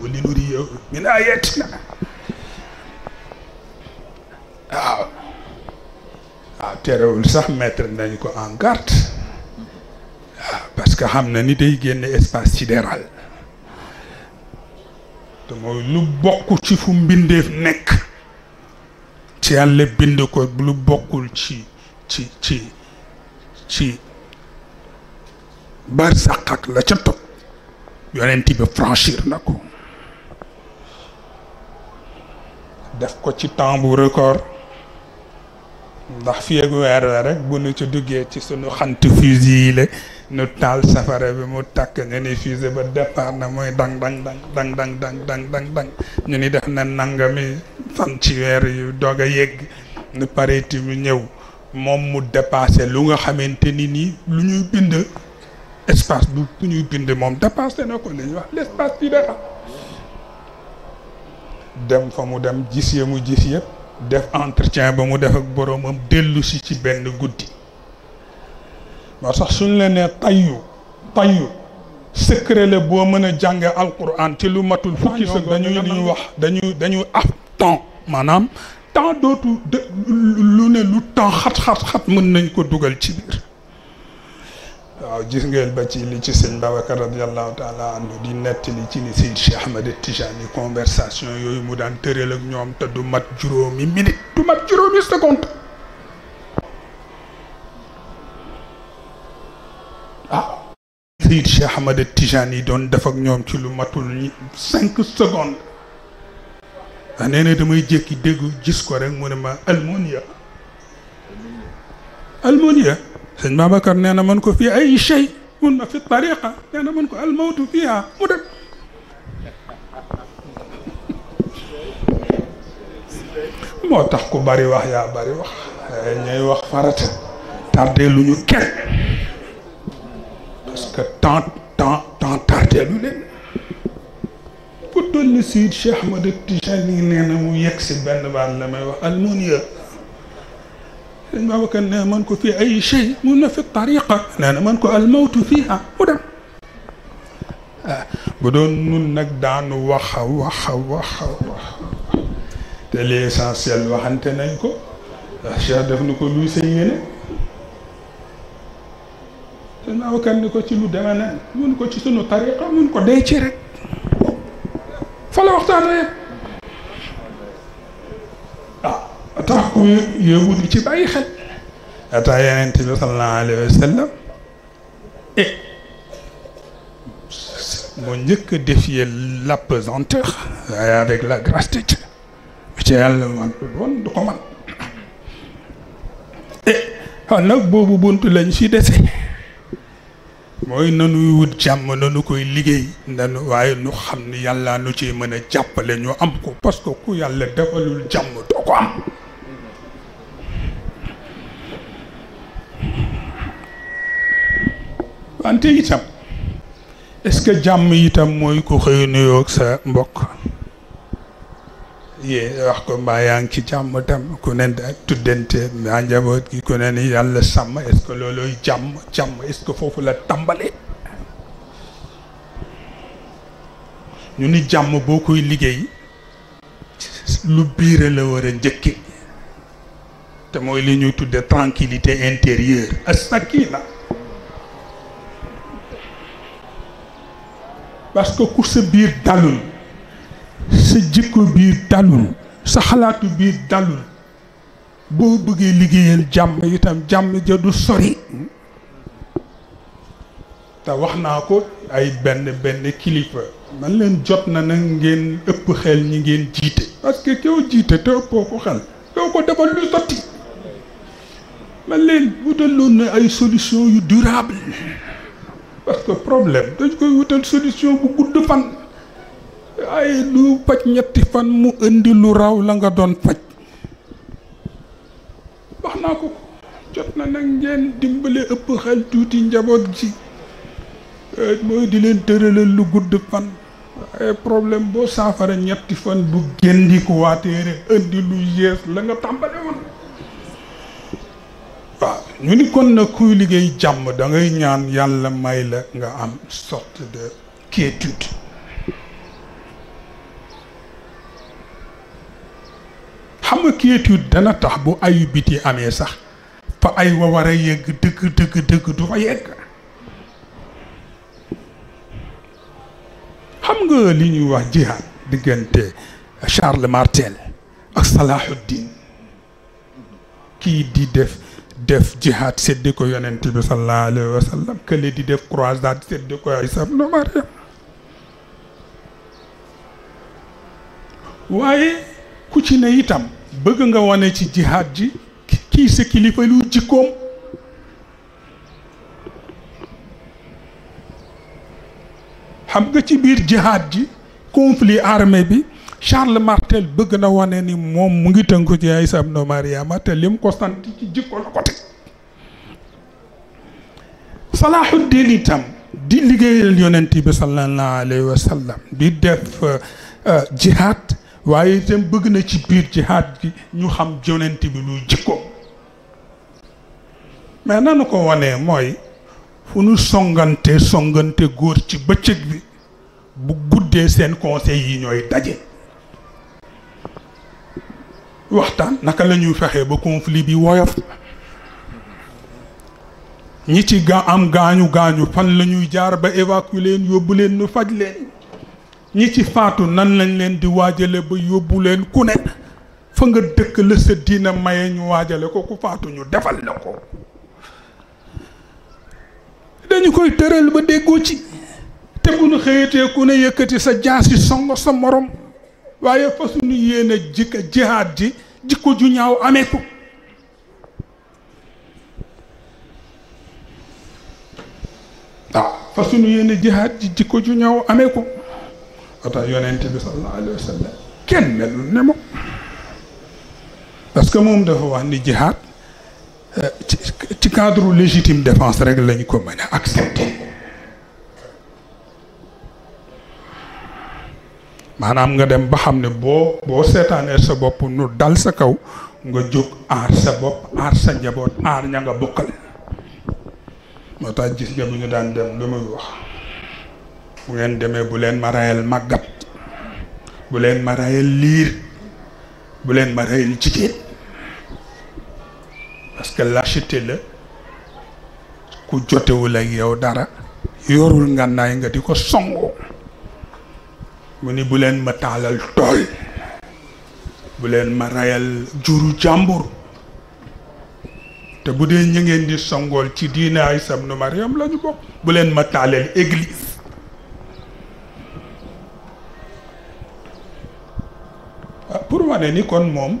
linuriyahu min waaw terewul sax mettre nañ ko en garde waaw ah, parce que xam na ni day génne espace sidéral te mooy lu bokk ci fu mbindeef nekk ci yàlla bind ko lu bokkul ci ci ci ci barsàq la ca topp yonent bi franchir na ko def ko ci temps bu record ndax fii ak weer la rek bu nu ci duggee ci suñu xant fusil yi la nu taal safara bi mu takk ñu ni fusée ba départ na mooy dang dang dang dang dang dang dang dang ñu ni def na nangami fan ci weer yu doog a yegg nu pareti mu ñëw moom mu dépassé lu nga xamante ni nii lu ñuy bind espace bu ñuy bind moom dépassé na ko li wax l'espace bi dara dem fa mu dem gis ya mu gis yëpp def entretien ba mu def ak boromam dellu ci benn guddi moo tax suñ la nee tayyu tayyu secret la boo mën a jànge alquran ci lu matul fukki sëg dañuy dañuy wax dañuy dañuy af temps maanaam temps dootu lu ne lu temps xat-xat-xat mën nañ ko dugal ci biir waaw gis ba ci li ci sëñ Babacar radiallahu taala anhu di nettali ci li Seydi Cheikh Ahmed Tijani conversation yooyu mu daan tëral ak ñoom te du mat juróomi minute du mat juróomi seconde waaw ah. Seydi def ak ñoom ci lu matul cinq secondes a ah, nee damay jékki déggu gis ko rek mu ne ma almonia almonia sëñ Babacar nee na mën ko fii ay chey mun ma fi tariqa nee na mën ko almawtu fiha mu dem moo tax ko bari wax yaa bari wax ñooy wax farata tardé lu ñu parce que tant tant tant tardé lu leen ku toll ni Seydi Cheikh Ahmad nee na mu yegg si benn baat may wax sëñ Babacar nee man ko fii ay shay mun na fi tariqa nee na man ko al mawtu fiha mu dem ah bu doon nun nag daanu wax a wax a wax a wax te l'essentiel waxante nañ ko Cheikh def na ko luy sa yéene sëñ Babacar ni ko ci lu deme neen mun ko ci sunu tariqa mun ko dee ci rek fa la waxtaan rek ko yóbbu di ci bàyyi xel ataa yonent bi sallallahu alayhi wa sallam e moo njëkk a défier la waaye avec la grâce ci yàlla man du ko man e nag boobu bunt lañ fi dese mooy nanuy wut jàmm nanu koy liggéey nanu waaye nu xam ni yàlla nu ci mën a jàppale ñu am ko parce que ku yàlla defalul jàmm doo ko am wante itam est-ce que jàmm itam mooy ku xëy nuyoo ak sa mbokk yée wax ko mbaa jàmm tam ku ne tuddante mbaa njaboot gi ku ne yàlla sàmm est loolooy jàmm jàmm foofu la tàmbalee ñu ni jàmm boo koy liggéey lu biire la war njëkke te mooy li ñuy tudde tranquillité intérieure as sakina parce que ku sa biir dalul sa jikko biir dalul sa xalaatu biir dalul boo bëggee liggéeyal jàmm itam jàmm ja du sori te wax naa ko ay benn benn kilifa man leen jot na nag ngeen ëpp xel ñi ngeen jiite parce que koo jiite te ëppoo ko xel doo ko defal lu sotti man leen wutaloon na ay solution yu durable parce que problème dañ koy wutal solution bu gudd fan ay lu paj ñetti fan mu indi lu raw la nga doon paj wax naa ko jot na nag ngeen dimbale ëpp xel tuuti njaboot ji eh, mooy di leen tëralal lu gudd fan waaye eh, problème boo saafara ñetti fan bu géndiku waatee rek indi lu yees la nga tàmbale woon ñu ni kon na kuy liggéey jàmm da ngay ñaan yàlla may la nga am sorte de quiétude xam nga quiétude dana tax bu ayu biti amee sax fa ay wa war a yegg dëgg dëgg dëgg du fa yegg xam nga li ñuy wax jihaad diggante Charles Martel ak Salahuddin kii di def def jihad sedd ko yonent bi sallallahu alayhi wa kële di def croisade seddi ko Isa ibn Maryam waaye ku ci ne itam bëgg nga wone ci jihad ji kii sa kilifa lu xam nga ci biir jihad ji conflit armé bi Charles Martel bëgg na wane ni moom mu ngi tënku ci Aïssa ibn Mariama te lim ko sant ci jikko la ko teg Salahuddin itam di liggéeyal yonent bi sallallahu alayhi wa sallam def euh, jihad waaye itam bëgg na ci biir jihad gi ñu xam yonent bi lu jikko mais nanu ko wane mooy fu nu songante songante góor ci bëccëg bi bu guddee seen conseil yi ñooy daje waxtaan naka lañuy fexee ba conflit bi woyof ñi ci ga am gaañu gaañu fan lañuy jaar ba évacuer leen yóbbu leen ñu faj leen ñi ci faatu nan lañ leen di waajale ba yóbbu leen ku ne fa nga dëkk la sa diina maye ñu waajale ko ku faatu ñu defal la ko dañu koy tëral ba déggoo ci te bu ñu xëyatee ku ne yëkkati sa jaasi songo sa morom waaye fasuñu yéen a jikka jihaad ji jikko ju ñaaw amee ko waaw ah, fasuñu yéen a jihaad ji jikko ju ñaaw amee ko watax yonent bi sallallahu alayhi kenn melul ne moom parce que moom dafa wax ni jihaad eh, ci cadre légitime défense rek lañu ko mën a maanaam nga dem ba xam ne boo boo seetaanee sa bopp nu dal sa kaw nga jóg aar sa bopp aar sa njaboot aar ña nga bokkal moo tax gis nga bu ñu daan dem lu muy wax bu ngeen demee bu leen ma rayal màggat bu leen ma rayal liir bu leen ma rayal jigéen parce que lâcheté la ku jotewu ak yow dara yorul ngànnaay nga di ko songoo mu ni bu leen ma taalal tool bu leen ma reyal juru jàmbur te bu dee ñu ngeen di songool ci diine Isa ibnu Maryam bokk bu leen ma taalal église ah, pour wane ni kon moom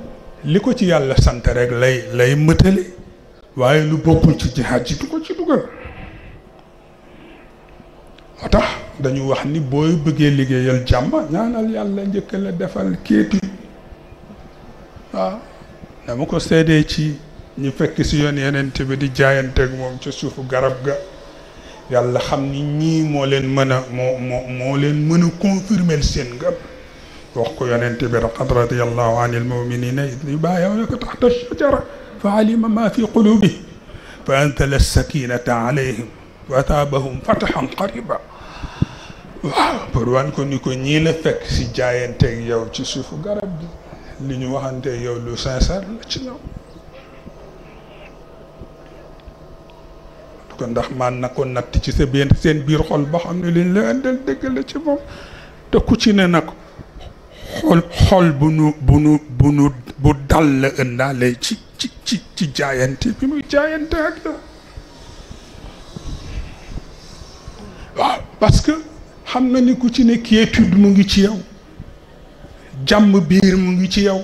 li ko ci yàlla sant rek lay lay mëtale waaye lu bokkul ci jihaad ji du ko ci dugal dañu wax ni booy bëggee liggéeyal jàmm ñaanal yàlla njëkk la defal kéeti waaw dama ko seedee ci ñu fekk si yoon yenente bi di jaayanteeg moom ci suufu garab ga yàlla xam ni ñii moo leen mën a moo moo leen mën a confirmer seen ngëm wax ko yonente bi raqad radiallahu an il muminina id yubaayi'uunaka taxta shajara fa alima ma fi qulubi fa anzala sakinata alayhim wa ataabahum fatahan qariba waaw pour wan ko ni ko ñii la fekk si jaayanteeg yow ci suufu garab bi li ñu waxanteeg yow lu sincère la ci yow ko ndax man na ko natt ci sa seen biir xol ba xam ne liñ la indal dëgg la ci moom te ku ci ne nag xol xol bu nu bu nu bu dal la ëndaale ci ci ci jaayante bi muy jaayante ak yow waaw parce xam na ni ku ci ne quiétude mu ngi ci yow jàmm biir mu ngi ci yow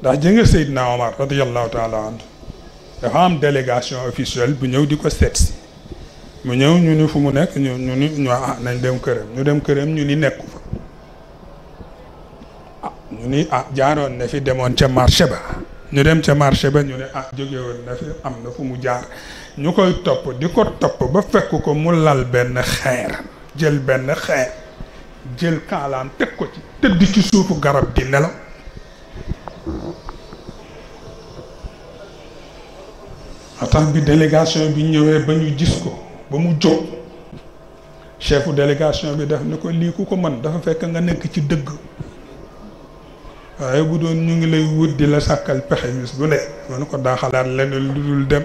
ndax jënga Seydina Omar radiyallahu taala anhu dafa am délégation officielle bu ñëw di ko seetsi mu ñëw ñu ni fu mu nekk ñu ñu ni ñu ah nañ dem këram ñu dem këram ñu ni nekku fa ah ñu ni ah jaaroon na fi demoon ca marché ba ñu dem ca marché ba ñu ne ah jóge na fi am na fu mu jaar ñu koy topp di ko topp ba fekk ko mu lal benn xeer jël benn xeer jël kaalaam teg ko ci tëdd ci suufu garab di nelaw atax bi délégation bi ñëwee ba ñu gis ko ba mu jóg chefu délégation bi def ni ko lii ku ko mën dafa fekk nga nekk ci dëgg waaye bu doon ñu ngi lay wut di la sàkkal pexe bis bu ne mën ko daa xalaat leneen lu dul dem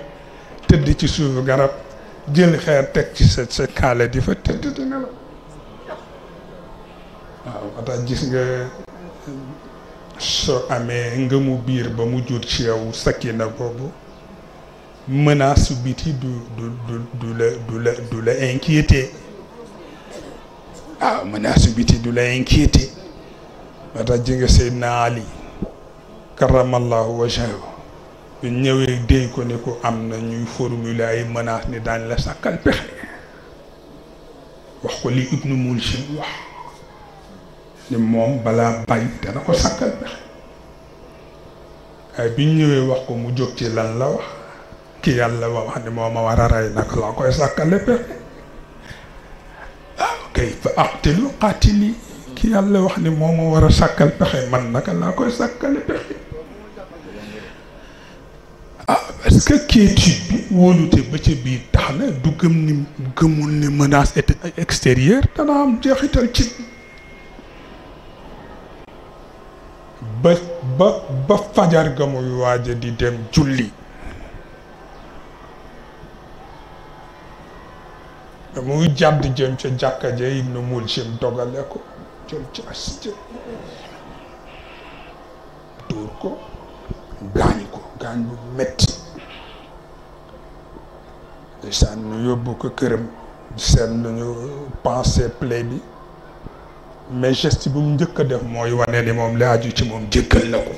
tëdd ci suufu garab jël xeer teg ci sa sa kaale di fa tëdd di waaw ba tax gis nga soo amee ngëmu biir ba mu jur ci yow sakina boobu menace biti du du du du la du la du la inquiété ah, du la inquiété ba tax ji nga Seydina Ali karamallahu wajhahu bi ñëwee déy ko ne ko am na ñuy formuler ay menaces ni daan la sàkkal pexe wax ko li Ibnu Mulchin wax ni moom balaa bay dana ko sàkkal pexe waaye bi ñëwee wax ko mu jóg ci lan la ki yàlla wax ni moo ma war a rey naka laa koy sàkkale pexe ah wax ni moo war a sàkkal pexe man naka laa koy sàkkal pexe parce que bi wóolute ba ca biir tax na du gëm ni gëmul ni menace extérieure dana am jeexital ci ba ba ba fajar ga muy waaja di dem julli da muy jàdd jëm ca jàkka ja Ibnu Mulhim dogale ko jël ci asijë dóor ko gaañ ko gaañ bu metti ndeysaan ñu yóbbu ko këram seen lu ñu pensé play bi mais geste bu mu njëkk a def mooy wane ni moom laaju ci moom jëkkal na ko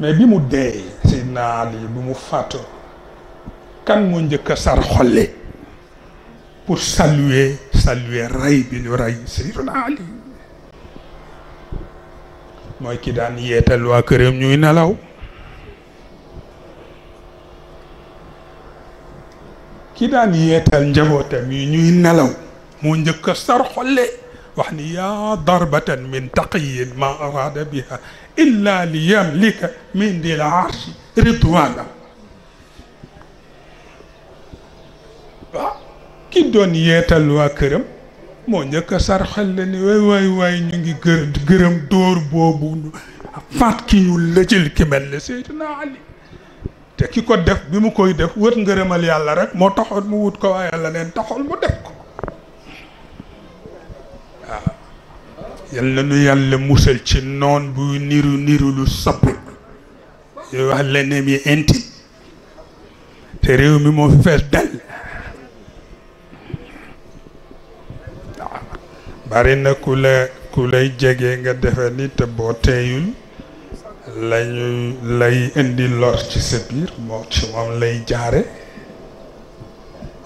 mais bi mu dee ci naal yi bu mu fatto kan mu njëkk a sar xolle pour saluer saluer rey bi ñu rey si naal yi mooy ki daan yeetal waa këram ñuy nelaw ki daan yeetal yi ñuy nelaw moo njëkk a sarxole wax ni yaa darbatan min taqiyin ma araada biha illa li yamlika min dil arshi ridwana waaw ki doon yeetal waa këram moo njëkk a sarxel la ni waay waay ñu ngi gërëm dóor boobu faat ki ñu lëjël ki mel ne Seydina Ali te ki ko def bi mu koy def wët ngërëmal yàlla rek moo taxoon mu wut ko waaye yàlla neen taxoon mu def ko waaw yal na nu yàlla musal ci noon bu niru niru lu sapp yu wax l'ennemi intime te réew mi moo fees dell bari na ku la ku lay jege nga defe ni te boo teeyul lañuy lay indi lor ci sa biir moo ci moom lay jaare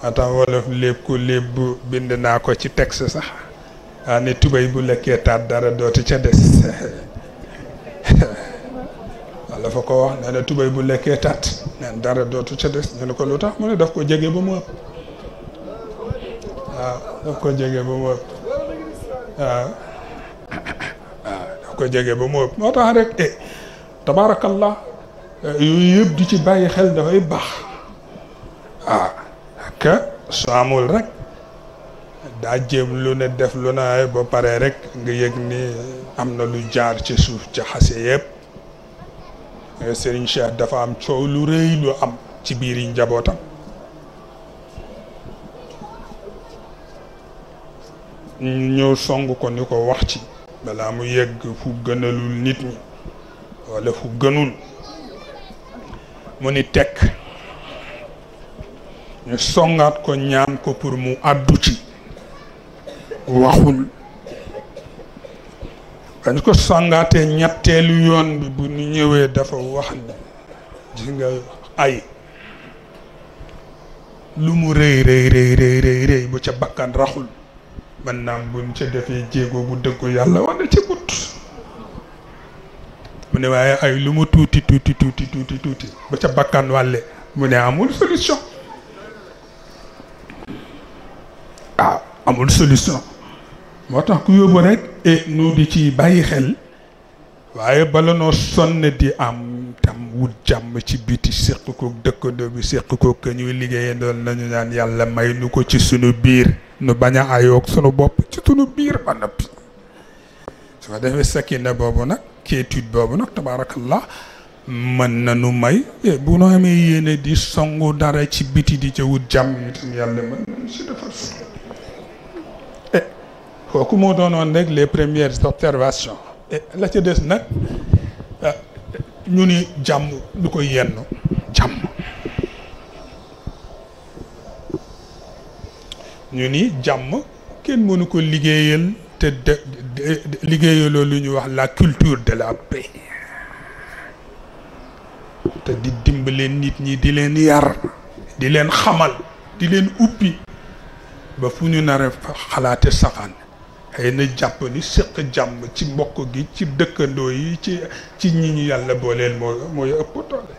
atam wolof léeb ku léeb bind naa ko ci texte sax waa ah, ne tubéy bu lekkee taat dara dooti ca des ko wax nee na tubéy bu lekkee taat neen dootu ca des ñu ne ko lu tax mu ne daf ko jege ba mu ëpp waaw ah, daf ko jege ba mu ëpp waaw waaw da ko jege ba mu ëpp moo tax rek e yooyu yëpp di ci bàyyi xel dafay baax waaw ah, que su amul rek daa jéem lu ne def lu ne ba paree rek nga yëg ni am na lu jaar ci suuf ci xase yëpp eh, Serigne Cheikh dafa am coow lu rëy lu am ci biir yi njabootam ñu ñëw song ko ni ko wax ci balaa mu yegg fu gënalul nit ñi walla fu gënul mu ni tekk ñu songaat ko ñaan ko pour mu àddu ci waxul dañ ko songaatee ñetteelu yoon bi bu ñu ñëwee dafa wax ni gis nga ay lu mu rëy rëy rëy rëy rëy bu ca bakkan raxul man naam buñ ca defee jéego bu dëggu yàlla war ca gudd mu ne waaye ay lu mu tuuti tuuti tuuti tuuti tuuti ba ca bakkan wàlle mu ne amul solution waaw amul solution moo tax ku yóbbu rek et eh, nu ci bàyyi xel waaye bala noo sonn di am wut jàmm ci biti séq dëkkandoo bi séq ko que ñuy liggéeyee doon nañu naan yàlla may nu ko ci sunu biir nu bañ ayoog sunu bopp ci sunu biir ba noppi su defee sakina boobu nag quiétude boobu nag tabaarakallah mën nañu may eh, bu nu amee yéene di songu dara ci biti di ca wut jàmm itam yàlla mën nañu si defar kooku moo doonoon rek les premières observations eh, la ca des nag ñu ni jàmm du koy yenn jàmm ñu ni jàmm kenn mënu ko liggéeyal te de liggéeyaloo lu ñuy wax la culture de la paix te di dimbale nit ñi di leen yar di leen xamal di leen uppi ba fu ñu nar xalaate safaan xëy jàpp ni séq jàmm ci mbokk gi ci dëkkandoo yi ci ci ñi ñu yàlla booleel moo mooy ëpp doole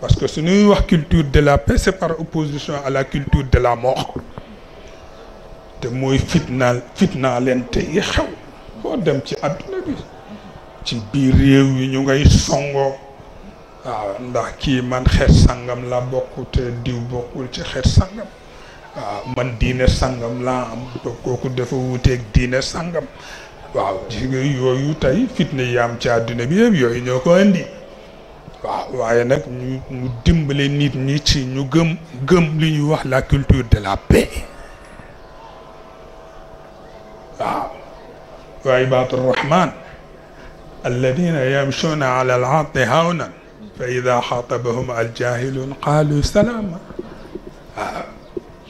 parce que su ñuy wax culture de la paix c'est par opposition à la culture de la mort te mooy fitnaal fitnaalente yi xew boo dem ci adduna bi ci biir réew yi ñu ngay songoo waaw ndax kii man xeet sàngam la bokk te diw bokkul ci xeet sàngam waaw man diine sangam laa am to kooku dafa wuuteeg diine sangam waaw jigéen yooyu tey fitna yi am ci àdduna bi yëpp yooyu ñoo ko indi waaw waaye nag ñu ñu dimbale nit ñi ci ñu gëm gëm li ñuy wax la culture de la paix waaw wa ibaadu rahman alladina yamshuuna ala al-ardi hawnan fa ida xaatabahum aljahiluun qaalu salaama waaw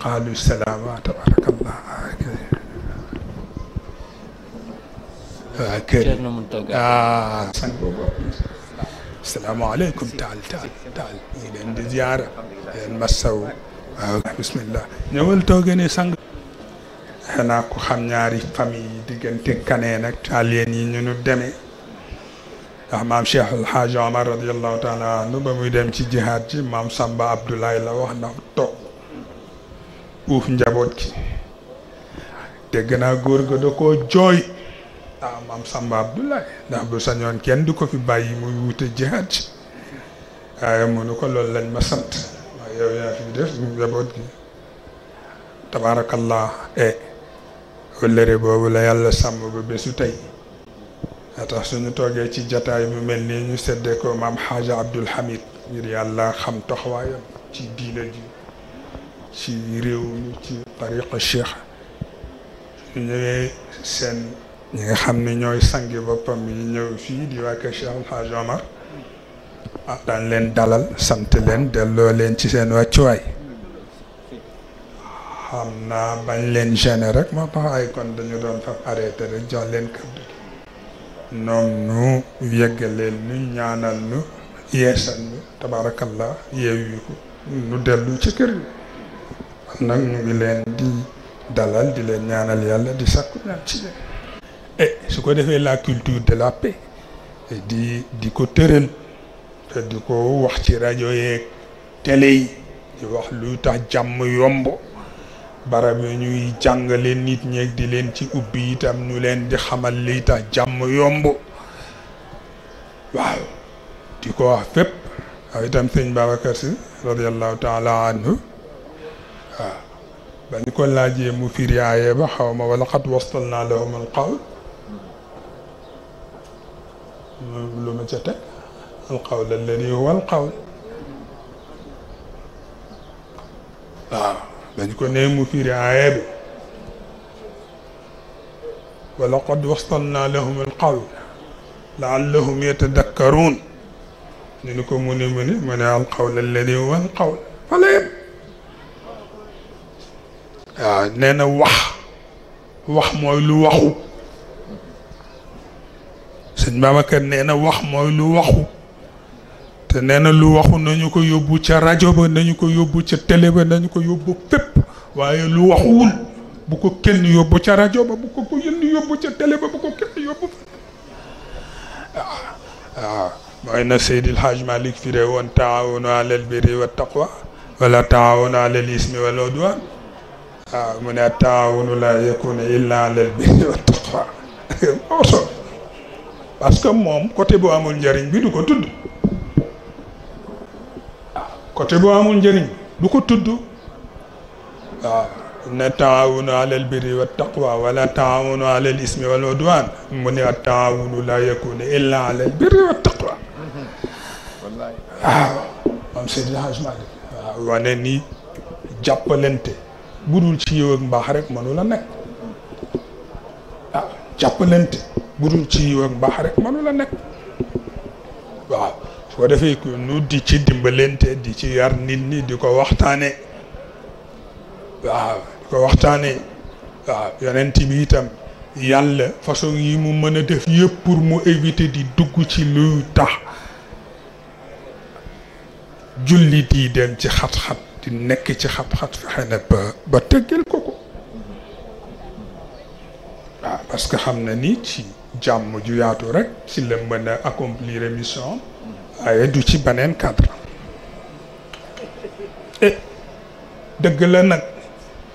qaalu salaama tabarakallah waa kër ah sang boobu salaamaaleykum taal taal taal ñu leen di ziyaara leen masaw waaw ah, bismillah ñëwal toogee ne sang xanaa ko xam ñaari famille yi diggante kaneen ak taaliyeen yi ñu nu demee ndax maam Cheikh El Hadj Omar radiyallahu taala anhu ba muy dem ci jihaad ji maam Samba Abdoulaye la wax ndax toog uuf njaboot gi dégg naa góor ga da koo jooy ah maam Samba Abdoulaye ndax bu sañoon kenn du ko fi bàyyi muy wute jihaad ci waaye mënu ko lool lañ ma sant waaye yow yaa fi def njaboot gi tabaarakallah e wëllëre boobu la yàlla sàmm ba bésu tey daa tax suñu toogee ci jataay mu mel ni ñu seddee ko maam Xaaja Abdul Hamid ngir yàlla xam taxawaayam ci diina ji ci réew mi ci tariqa cheikh ñu ñëwee seen nga xam ni ñooy sangi boppam yi ñëw fii di wàkke Cheikh El Omar ah, daan leen dalal sant leen delloo leen ci seen wàccuwaay xam naa bañ leen gêné rek moo tax kon dañu doon fa arrêté rek jox leen kàddu ñoom ñu yëggaleen ñu ñaanal ñu yeesal ñu tabaarakallah yeewu ko ñu dellu ci kër gi kon nag ñu ngi leen di dalal di leen ñaanal yàlla di sakku eh, su ko defee la culture de la paix di di ko tëral te di ko wax ci rajo yeeg télé yi di wax luy tax jàmm yomb barab yi ñuy jàngale nit ñeeg di leen ci ubbi itam ñu leen di xamal liy tax jàmm yomb waaw di ko wax fépp waaw itam sëñ Babacar Si radiallahu taala anhu waaw bañ ko laajee mu firi aaya ba xaw ma wala xat wastal naa lahum al qawl lu ma ca teg al qawl alladi huwa al qawl waaw dañ ko ne mu firi aaya bi wala qad wastalna lahum al qawl laallahum yatadakkaruun ñu ni ko mu ne mu ne mu ne al qawl alladi huwa al qawl fa la yem waaw nee na wax wax mooy lu waxu sëñ Babacar nee na wax mooy lu waxu te nee na lu waxu nañu ko yóbbu ca rajo ba nañu ko yóbbu ca télé ba nañu ko yóbbu fépp waaye lu waxuwul bu ko kenn yóbbu ca rajo ba bu ko ko yenn yóbbu ca télé ba bu ko kenn yóbbu waaw mooy na Seydil Hadj Malick fi re woon taawunu alal birri wa taqwa wala taawunu alal ismi wal udwan waaw ah, mu la yakun illa lil birri wa parce que moom côté bu amul njëriñ bi du ko tudd waaw ah, côté bu amul njëriñ du ah, taawunu alal birri wa wala taawunu alal ismi wal udwan mu ne la yakun illa alal birri wa budul ci yiw ak mbaax rek mënu la nekk ah jàppalante budul ci yiw ak mbaax rek mënu nekk waaw su ko defee ku nu di ci dimbalante di ci yar nit ñi di ko waxtaane waaw di ko waxtaane waaw yonent bi itam yàlla façon yi mu mën a def yëpp pour mu éviter di dugg ci luy tax jullit yi dem ci xat-xat nekk ci xat-xat fexe na ba ba tëggal ko ko waaw parce que xam na ni ci jàmm ju yaatu rek ci la mën a émission mission waaye du ci beneen cadre e dëgg la nag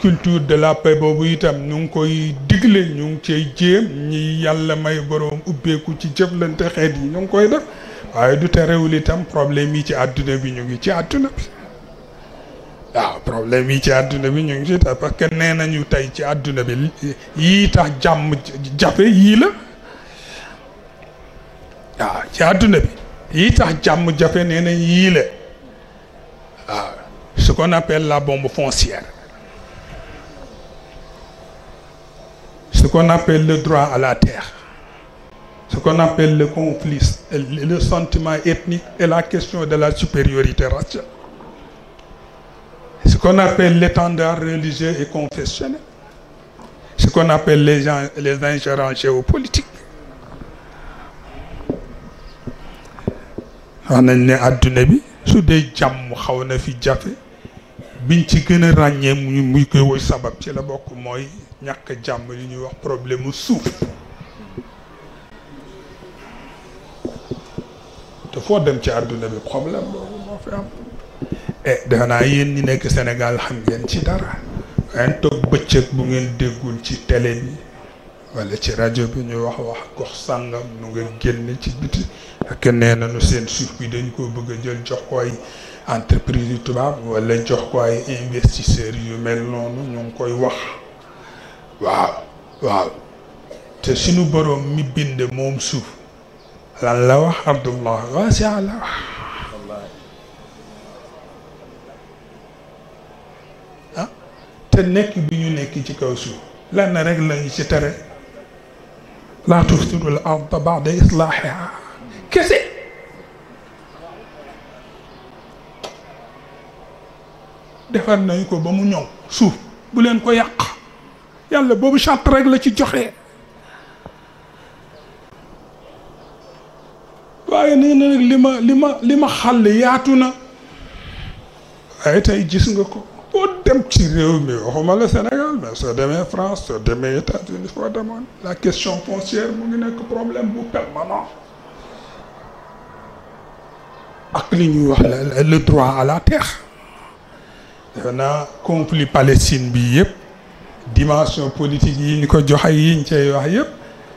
culture de la boobu itam ñu ngi koy digle ñu ngi cay jéem ñi yàlla may boroom ubbeeku ci jëflante xeet yi ñu ngi koy def waaye du terewul itam problème yi ci àdduna bi ñu ngi ci àdduna bi waaw problème yi ci àdduna bi ñu ngi ci tax parce que nee nañu tey ci àdduna bi yii tax jàmm jafe yii la waaw ci adduna bi yii tax jàmm jafe nee nañ yii la waaw ce qu'on appelle la bombe foncière ce qu'on appelle le droit à la terre ce qu'on appelle le conflit le sentiment ethnique et la question de la supériorité raciale ce qu'on appelle l'étendard religieux et confessionnel, ce qu'on appelle les, gens, les ingérences géopolitiques. wax nañ ne adduna bi su dee jàmm xaw na fi jafe biñ ci gëna a ràññee muy muy koy woy sabab ci la bokk mooy ñàkk jàmm li ñuy wax problème mu suuf te foo dem ci àdduna bi problème boobu moo fi am e naa yéen ñi nekk Sénégal xam ngeen ci dara waaye toog bëccëg bu ngeen déggul ci télé bi wala ci rajo bi ñu wax wax gox sàngam nu nga génn ci biti ak nee nañu seen suuf bi dañ koo bëgg jël jox ko ay entreprise yu tubaab wala jox ko ay investisseurs yu mel noonu ñu ngi koy wax waaw waaw te suñu boroom mi bind moom suuf lan la wax abdullah waa si àlla wax te nekk bi ñu nekk ci kaw suuf lenn rek lañu ci tere laa tufsidul arda ba'da islaahiha kese defar nañ ko ba mu ñëw suuf bu leen ko yàq yàlla boobu charte rek la ci joxe waaye nee li ma li ma li ma xàll yaatu na waaye tey gis nga ko boo dem ci réew mi waxuma la Sénégal mais soo demee France soo demee États-Unis foo demoon la question foncière mu ngi nekk problème bu permanent ak li ñuy wax le droit à la terre defe naa conflit Palestine bi yëpp dimension politique yi ñu ko jox ak yi ñu cay wax yëpp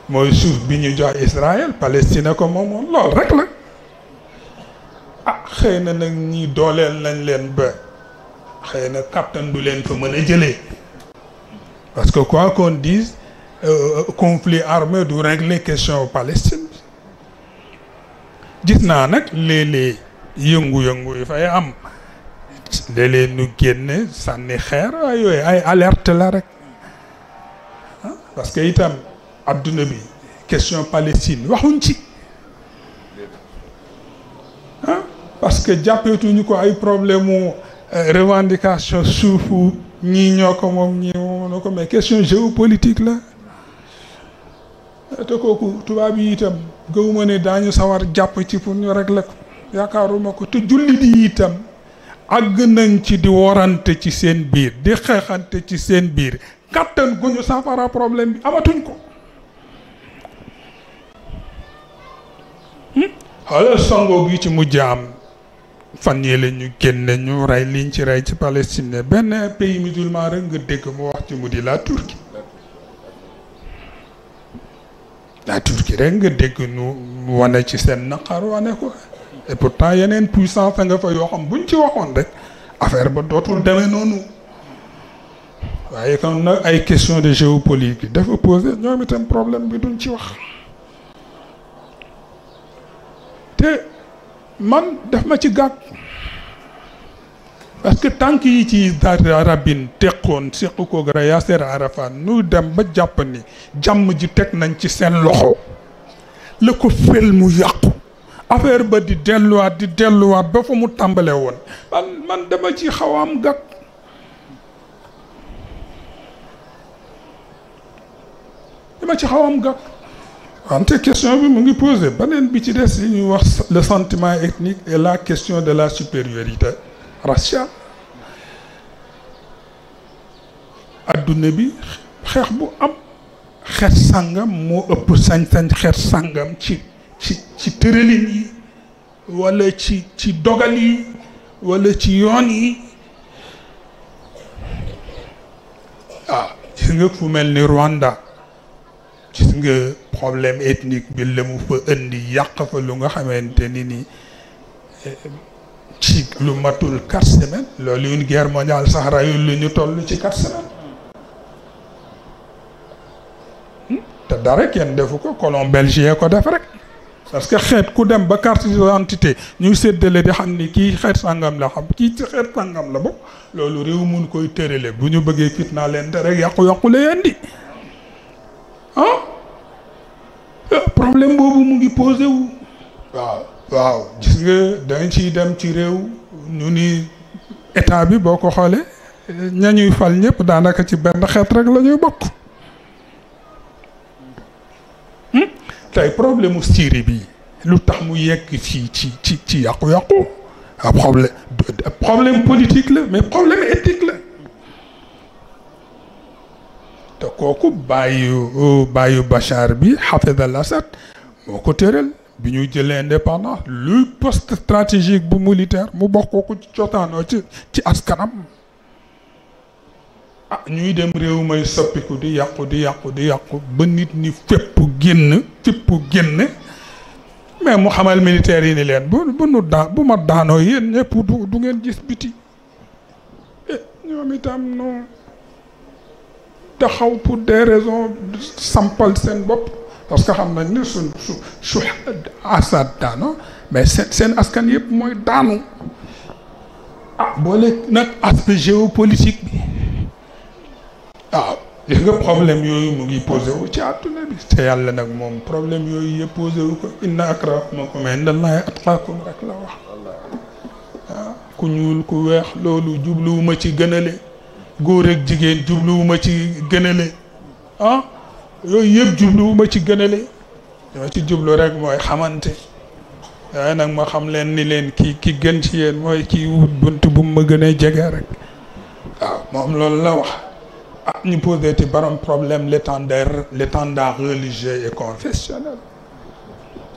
mooy suuf bi ñu jox Israël Palestine ko moomoon lool rek la ah xëy na nag ñi dooleel nañ leen xëy na kattan du leen fa mën a jëlee parce que quoi qu'on dise euh, euh, conflit armé du régler question Palestine gis naa nag léeg-léeg yëngu-yëngu yi fay am léeg-léeg nu génne sànni xeer ay yooyu alerte la rek ah, parce que itam adduna bi question Palestine waxuñ ci ah, parce que jàppeetuñu ko ay problème mu revendication suufu ñii ñoo ko moom ñii moom na ko mais question géopolitique la te kooku tubaab yi itam gëwuma ne daañu sawar jàpp ci pour ñu régler ko yaakaaruma ko te jullit yi itam àgg nañ ci di worante ci seen biir di xeexante ci seen biir kattan guñu saafara problème bi amatuñ ko hmm? xale songo gi ci mujj am fan yee la ñu génne ñu rey liñ ci rey ci Palestine benn pays musulman rek nga dégg mu wax ci mu di la Turquie la Turquie rek nga dégg nu wane ci seen naqar wane ko et pourtant yeneen puissance nga fa yoo xam buñ ci waxoon rek affaire ba dootul demee noonu waaye kon nag ay question de géopolitique dafa posé ñoom itam problème bi duñ ci wax te man daf ma ci gàtt parce que tànk yi ci daara arabin teqoon séq koog Yasser Arafat nu dem ba jàpp ni jàmm ji teg nañ ci seen loxo la ko fel mu yàqu affaire ba di delluwaat di delluwaat ba fa mu tàmbale woon man man dama ci xaw am gàtt ci xawam am wante question bi mu ngi posé beneen bi ci des yi ñuy wax le sentiment ethnique et la question de la supériorité raciale adduna bi xeex bu am xeet sàngam moo ëpp sañ-sañ xeet sàngam ci ci ci tëralin yi wala ci ci dogal yi wala ci yoon yi ah gis nga fu mel ni Rwanda gis nga problème ethnique bi la fa indi yàq fa lu nga xamante ni ni ci lu matul quatre semaines loolu une guerre mondiale sax rayul lu ñu toll ci quatre semaines te dara kenn defu ko colon belgien ko def rek parce que xeet ku dem ba carte d'identité ñuy séddale di xam ni kii xeet sàngam la xam kii ci xeet sàngam la bokk loolu réew mun koy tërale bu ñu bëggee fitna leen te rek yàqu-yàqu la ah problème boobu mu ngi posé wu waaw waaw gis nga dañ ciy dem ci réew ñu ni état bi boo ko xoolee ñañuy fal ñëpp daanaka ci benn xeet rek lañuy bokk hmm? tey problème mu Syrie bi lu tax mu yegg ci ci ci ci yàqu-yàqu ah problème problème la mais problème éthique la te kooku bàyyu bàyyu Bachar bi Hafez al-Assad moo ko tëral bi ñu jëlee indépendance luy poste stratégique bu militaire mu bokk kooku cosaanoo ci ci askanam a ah, ñuy dem réew may soppiku di yàqu di yàqu di yàqu ba nit ñi fépp génn fépp génn mais mu xamal militaire yi ni leen bu bu nu daan bu daanoo yéen ñëpp du ngeen gis biti eh, ñoom itam non taxaw pour des raisons sampal seen bopp parce que xam nañ ni su su Assad daano mais seen askan yëpp mooy daanu ah boole nag aspect géopolitique bi waaw ah, gis nga problème yooyu mu ngi posé wu ci àdduna bi te yàlla nag moom problème yooyu yëpp posé wu ko inna akramakum indallahi atqakum rek la wax ah, ku ñuul ku weex loolu jubluwuma ci gënale góor ak jigéen jubluwuma ci gënale ah yooyu yëpp jubluwuma ci gënale dama ci jublu rek mooy xamante waaye nag ma xam leen ni leen kii ki gën ci yéen mooy ki wut bunt bu ma gën a jege rek waaw moom loolu la wax ah ñu posé ci barom problème l'étendard l'étendard religieux et confessionnel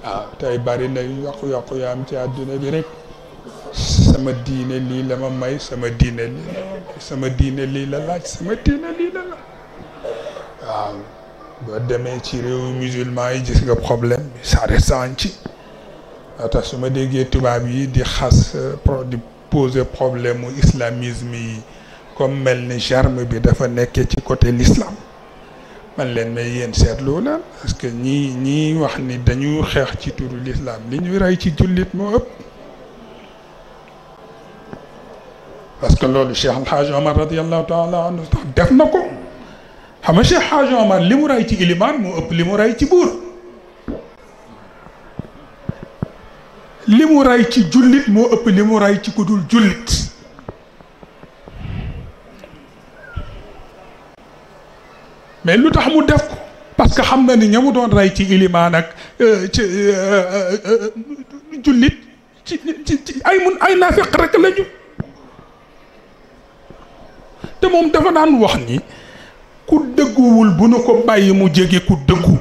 waaw tey bari na yokku yokku yaa am ci àdduna bi sama diine lii la ma may sama diine lii la ma may sama diine lii la laaj sama diine lii la laaj waaw boo demee ci réewu musulman yi gis nga problème bi ça reste ci su ma déggee tubaab yi di xas euh, pro di poser problème mu islamisme yi comme mel ni germe bi dafa nekkee ci côté l'islam man leen may yéen seetlu leen parce que ñii ñii wax ni dañu xeex ci turu lislaam li ñu rey ci jullit moo ëpp parce que loolu Cheikh Al Hadj Omar radiallahu taala anhu def na ko xam nga Cheikh Hadj Omar li mu rey ci ilimaan moo ëpp li mu rey ci buur li mu rey ci jullit moo ëpp li ci ku dul jullit mais lu tax mu def ko parce que xam na ni ña mu doon rey ci ilimaan ak euh, euh, euh, jullit ay mun ay naafeq la ñu te moom dafa daan wax ni ku dëgguwul bu nu ko bàyyi mu jege ku dëggu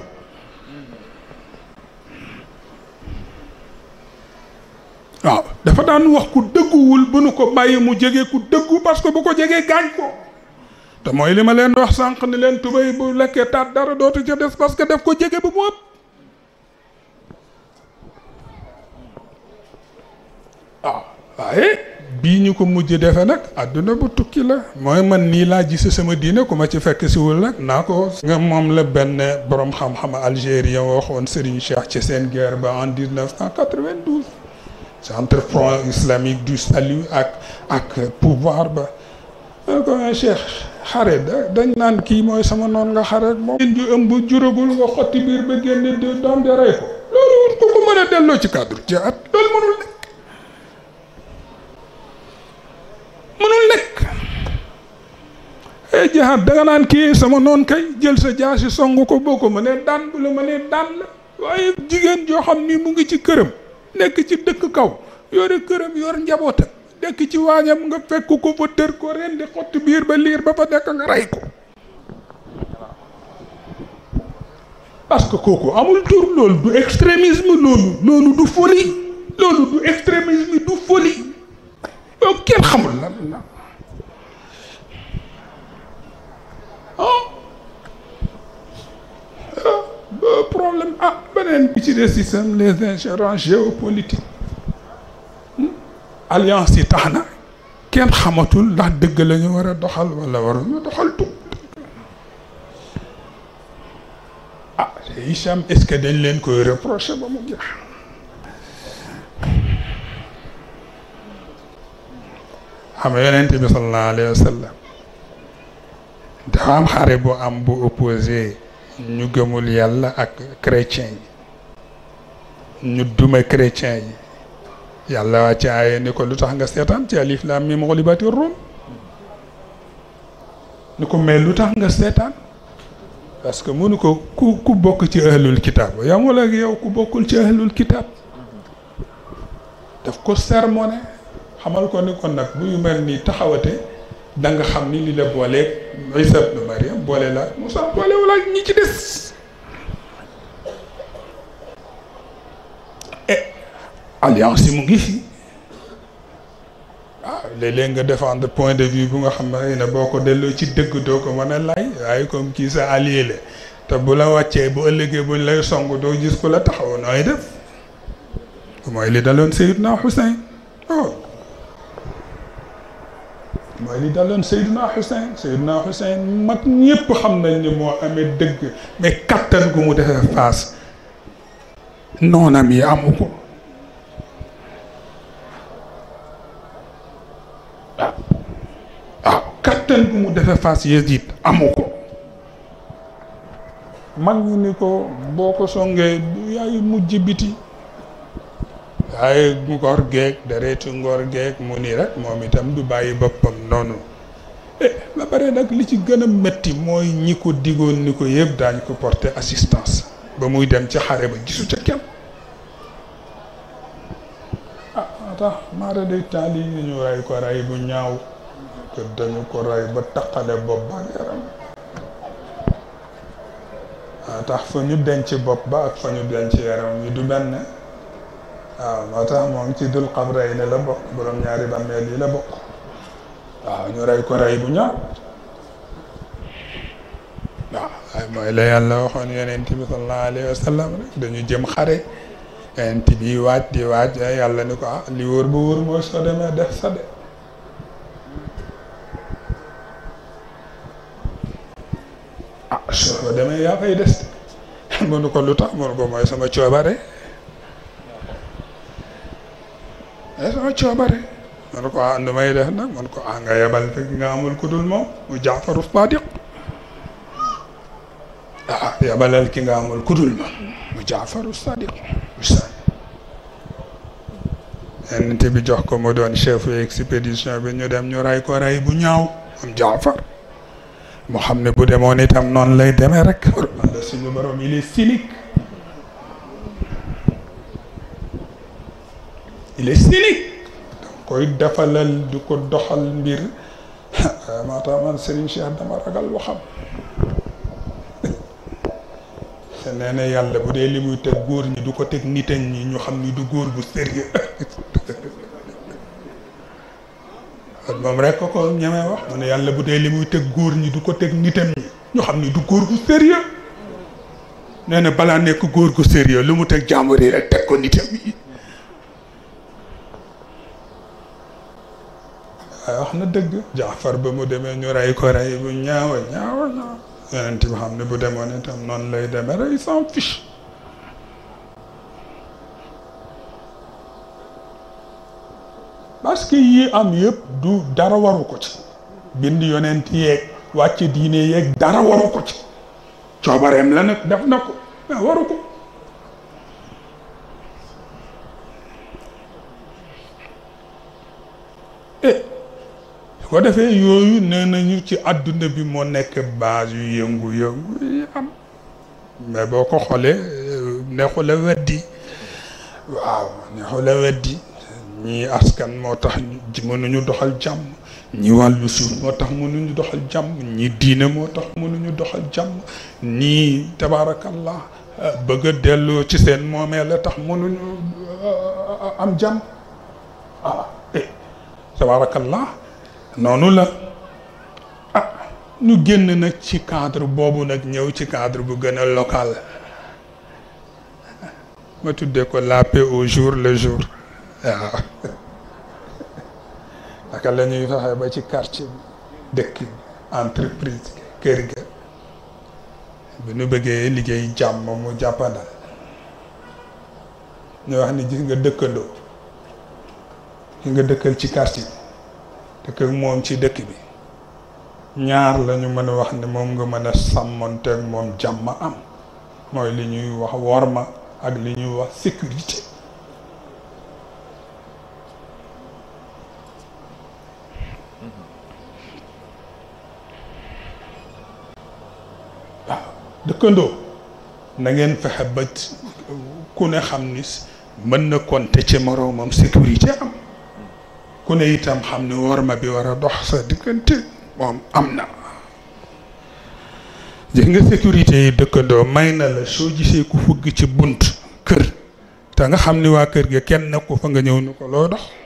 waaw dafa daan wax ku dëgguwul bu nu ko bàyyi mu jege ku dëggu parce que bu ko jegee gaañ ko te mooy li ma leen wax sànq ni leen tubéy bu lekkee taat dara dootu ca des parce que def ko jege bu mu ëpp waaw waaye bii ñu ko mujj defe nag àdduna bu tukki la mooy man nii laa gise sama diine ku ma ci fekk siwul nag naa ko nga moom la benn boroom xam-xam algérien waxoon Serigne Cheikh ci seen guerre ba en 1992 c'est entre front islamique du salut ak ak pouvoir ba loolu ko Cheikh xare dañ naan kii mooy sama noon nga xare moom leen ëmb juragul nga xotti biir ba génne doom de rey ko loolu ko ko mën delloo ci cadre ci at loolu mënul ne jihaad danga naan kii sama noon kay jël sa jaasi song ko boo ko mënee daan bu la mënee daan la waaye jigéen joo xam ni mu ngi ci këram nekk ci dëkk kaw yore këram yor njabootam dekk ci waañam nga fekk ko fa tër ko rendi xotti biir ba liir ba fa dekk nga rey ko parce que kooku amul tur loolu du extrémisme loolu loolu du folie loolu du extrémisme du folie yow kenn xamul lan la Euh, problème ah beneen bi ci des itam les ingérences géopolitiques hmm? alliance yi tax na kenn xamatul ndax dëgg lañu ñu war a doxal wala waruñu doxal tout ah itam est-ce que dañ leen koy reprocher ba mu jeex xam nga yonent bi sallallahu alayhi wa sallam dafa am xare bu am bu opposé ñu gëmul yàlla ak chrétien yi ñu duma chrétien yi yàlla waa ci aaye ni ko lu tax nga seetaan ci alif laam miim xulibati rum ni ko mais lu tax nga seetaan parce que mënu ko ku ku bokk ci ahlul kitaab yamul ak yow ku bokkul ci ahlul kitaab daf ko sermone xamal ko ni kon nag bu yu mel nii taxawate da nga xam ni li la booleeg Isa ibnu Mariam boole la Moussa boole wala ñi ci des eh alliance yi mu ngi fi waaw ah, léeg-léeg nga défendre point de vie bu nga xam ne xëy na boo ko delloo ci dëgg doo ko mën a lay waaye comme kii sa allié te bu la wàccee bu ëllëgee buñ lay song doo gis ku la taxaw nooy def mooy li daloon Seydina Hussein oh mooy li daloon Seydina Hussein Seydina Hussein mag ñëpp xam nañ ne moo amee dëgg mais kattan gu mu defee face noonam yi amu ko waaw ah, waaw gu mu defee face Yezid amu ko mag ñi ni ko boo ko songee du yaay mujj biti waaye ngor geek dareetu ngor geek mu ni rek moom itam du bàyyi boppam noonu eh ba nag li ci gën a métti mooy ñi ko digoon ni ko yëpp daañ ko porte assistance ba muy dem ci xare ba gisu ca kenn ah tax maara day ñu rey ko rey bu ñaaw te dañu ko rey ba taqale bopp ba yaram ah fa ñu denc bopp ba ak fa ñu denc yaram yi du benn waaw moo tax moom ci dul xabray ne la bokk borom ñaari bàmmeel yi la bokk waaw ñu rey ko rey bu ñaaw waaw waaye mooy la yàlla waxoon yonent bi sallallahu dañu jëm xare yonent bi waaj di waaj yàlla ni ko ah li ah, lu tax mënu ko mooy sama coobare ne sama coobare ma ne ko ah nu nag man ko ah nga yebal fekk nga amul ku dul moom mu jaafaru sadiq ah ki nga amul ma mu jaafaru sadiq yenn te bi jox ko mu doon chef expédition bi ñu dem ñu rey ko bu ñaaw am jaafar mu xam ne bu demoon itam noonu lay demee rek. wala suñu borom il est cynique il est cynique danga koy defalal di ko doxal mbir maa tax man Serigne Cheikh dama ragal yàlla bu dee li muy teg góor ñi du ko teg nitan ñi ñu xam ni du góor bu sérieux moom rek ko ñemee wax mu ne yàlla bu dee li muy teg góor ñi du ko teg nitam ñi ñu xam ni du góor gu sérieux nee na balaa nekk góor gu sérieux lu mu teg jàmbur yi rek teg ko nitam yi waaye wax na dëgg jaafar ba mu demee ñu rey ko rey bu ñaawa ñaawa ñaawa yonent bi xam ne bu demoon itam noonu lay demee rey sans fiche parce que yii am yëpp du dara waru ko ci bind yonent yeeg wàcc diine yeeg dara waru ko ci coobareem la nag def na ko mais waru su ko defee yooyu nee nañu ci àdduna bi moo nekk base yu yëngu-yëngu yi am mais boo ko xoolee euh, neexul a weddi waaw neexula a weddi ñii askan moo tax mënuñu doxal jàmm ñi wàllu suuf moo tax mënuñu doxal jàmm ñi diine moo tax mënuñu doxal jàmm ñii tabaarakallah euh, bëgg a delloo ci seen moomee la tax mënuñu euh, am jàmm ah eh noonu la ah ñu génn nag ci cadre boobu nag ñëw ci cadre bu gën a local ma tuddee ko la paix au jour le jour waaw ah. naka la ñuy fexe ba ci quartier bi dëkk entreprise kër ga bi nu bëggee liggéey jàmm mu jàppandal ñu wax ni gis nga dëkkandoo ki nga dëkkal ci quartier dëkk moom ci dëkk bi ñaar lañu mën a wax ni moom nga mën a sàmmonteeg moom jàmm am mooy li ñuy wax worma ak li ñuy wax sécurité dëkkandoo na ngeen fexe ba ku ne xam ni mën na compter ci moroomam sécurité am ku ne itam xam ne worma bi war a dox sa diggante moom am na jëg nga sécurité yi dëkkandoo may na la soo gisee ku fugg ci bunt kër te nga xam ni waa kër gi kenn nekku fa nga ñëw ni ko loo dox